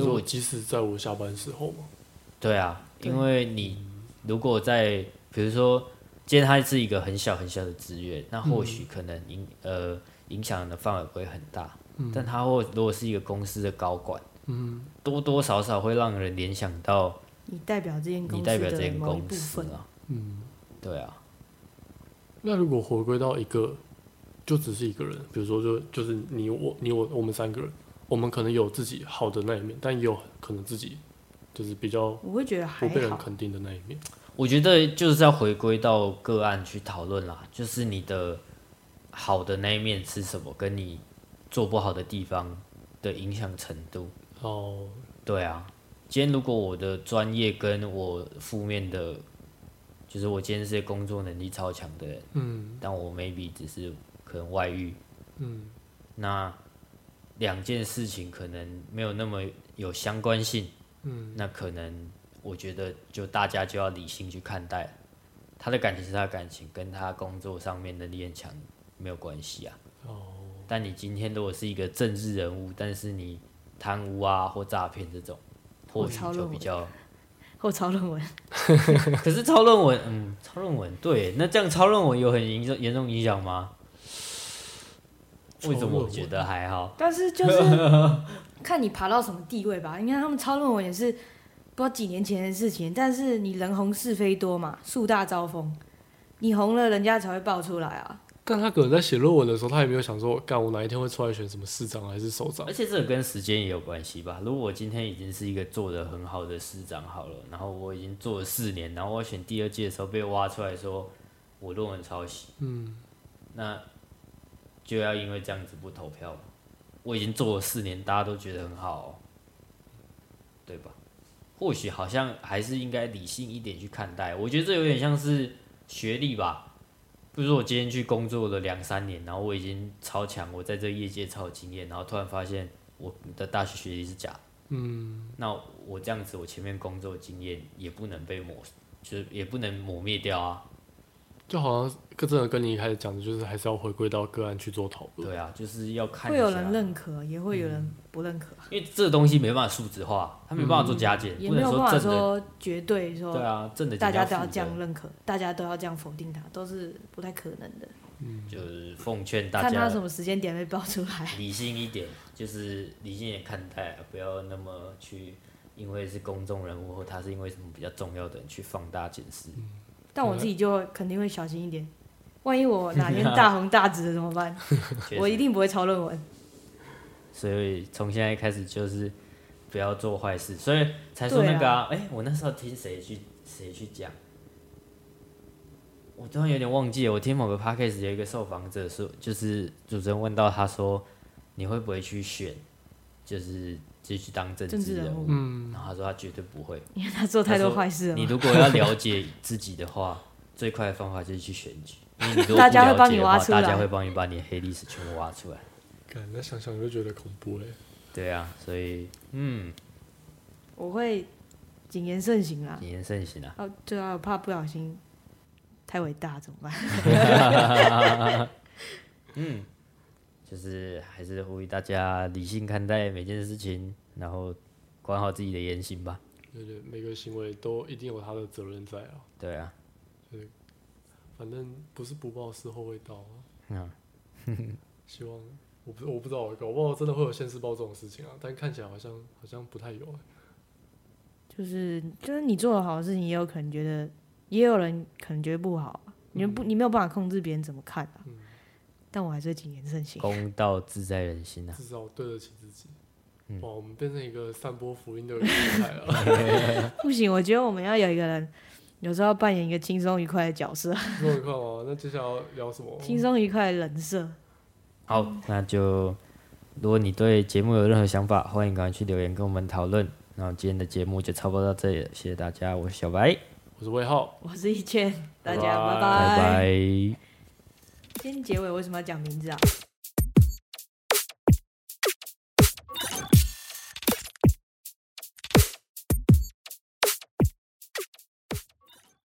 所以我即使在我下班時候嘛，對啊，對，因為你如果在，嗯、比如說，今天他是一個很小很小的職員，那或許可能影、嗯、呃影響的範圍不會很大，嗯、但他或如果是一個公司的高管。嗯，多多少少會讓人聯想到你代表這間公司，你代表這間公司啊。嗯，對啊。那如果回歸到一個，就只是一個人，比如說，就就是你我你我我們三個人，我們可能有自己好的那一面，但也有可能自己就是比較我會覺得不被人肯定的那一面。我覺得就是要回歸到個案去討論啦，就是你的好的那一面是什麼，跟你做不好的地方的影響程度。哦，oh, 對啊，今天如果我的專業跟我負面的，就是我今天是工作能力超強的人，嗯，但我 maybe 只是可能外遇，嗯，那兩件事情可能沒有那麼有相關性，嗯，那可能我覺得就大家就要理性去看待，他的感情是他的感情，跟他工作上面的能力很強沒有關係啊。哦，oh, 但你今天如果是一個政治人物，但是你貪污啊，或詐騙這種，或許就比較，或抄論文。 *laughs* 可是抄論文，嗯，抄論文，對，那這樣抄論文有很嚴重嚴重影響嗎？為什麼我覺得還好？但是就是看你爬到什麼地位吧。你看 *laughs* 他們抄論文也是不知道幾年前的事情，但是你人紅是非多嘛，樹大招風，你紅了人家才會爆出來啊。但他可能在寫論文的時候，他也沒有想說，幹我哪一天會出來選什麼市長還是首長？而且這個跟時間也有關係吧？如果我今天已經是一個做得很好的市長好了，然後我已經做了四年，然後我選第二屆的時候被挖出來說我論文抄襲，嗯，那就要因為這樣子不投票了。我已經做了四年，大家都覺得很好喔，對吧？或許好像還是應該理性一點去看待。我覺得這有點像是學歷吧。比如說我今天去工作了兩三年，然後我已經超強，我在這個業界超有經驗，然後突然發現我的大學學歷是假的，嗯，那我這樣子，我前面工作經驗也不能被抹，就是也不能抹滅掉啊。就好像跟真的跟你一開始講的，就是還是要回歸到個案去做討論。對啊，就是要看一下。會有人認可，也會有人不認可。嗯、因為這個東西沒辦法數字化，他沒辦法做加減，嗯、不能也沒有辦法說絕對說。對啊，真的大家都要這樣認可，大家都要這樣否定他，都是不太可能的。嗯，就是奉勸大家，看什麼時間點被爆出來，理性一點， *laughs* 就是理性也看待，不要那麼去，因為是公眾人物或他是因為什麼比較重要的人，去放大檢視。嗯。但我自己就肯定會小心一點，萬一我哪天大紅大紫了怎麼辦？ *laughs* 確實 我一定不會抄論文。所以從現在開始，就是不要做壞事，所以才說那個、啊啊，哎、欸，我那時候聽誰去誰去講，我突然有點忘記了，我聽某個 podcast 有一個受訪者說，就是主持人問到他說，你會不會去選？就是繼續當政治人物，嗯，然後他說他絕對不會，因為他做太多壞事了。你如果要了解自己的話，最快的方法就是去選舉。大家會幫你挖出來，大家會幫你把你的黑歷史全部挖出來。那想想就覺得恐怖嘞。對啊，所以嗯，我會謹言慎行啦。謹言慎行啦。哦，對啊，我怕不小心太偉大怎麼辦？嗯。就是還是呼籲大家理性看待每件事情，然後管好自己的言行吧。對，對對，每個行為都一定有他的責任在啊。對啊。對，反正不是不報，時候會到啊。嗯。 *laughs* 希望我不我不知道我一個，我不知道真的會有現世報這種事情啊，但看起來好像好像不太有、欸。就是就是你做的好的事情，也有可能覺得，也有人可能覺得不好、啊。你又不，你沒有辦法控制別人怎麼看啊。嗯但我還是謹言慎行，公道自在人心吶、啊。至少對得起自己。嗯、哇，我們變成一個散播福音的電台了。不行，我覺得我們要有一個人，有時候要扮演一個輕鬆愉快的角色。 *laughs* 輕鬆愉快嗎？那接下來要聊什麼？輕鬆愉快的人設。嗯、好，那就如果你對節目有任何想法，歡迎趕快去留言跟我們討論。然後今天的節目就差不多到這裡了，謝謝大家。我是小白，我是魏浩，我是易千，大家拜拜。今天結尾為什麼要講名字啊？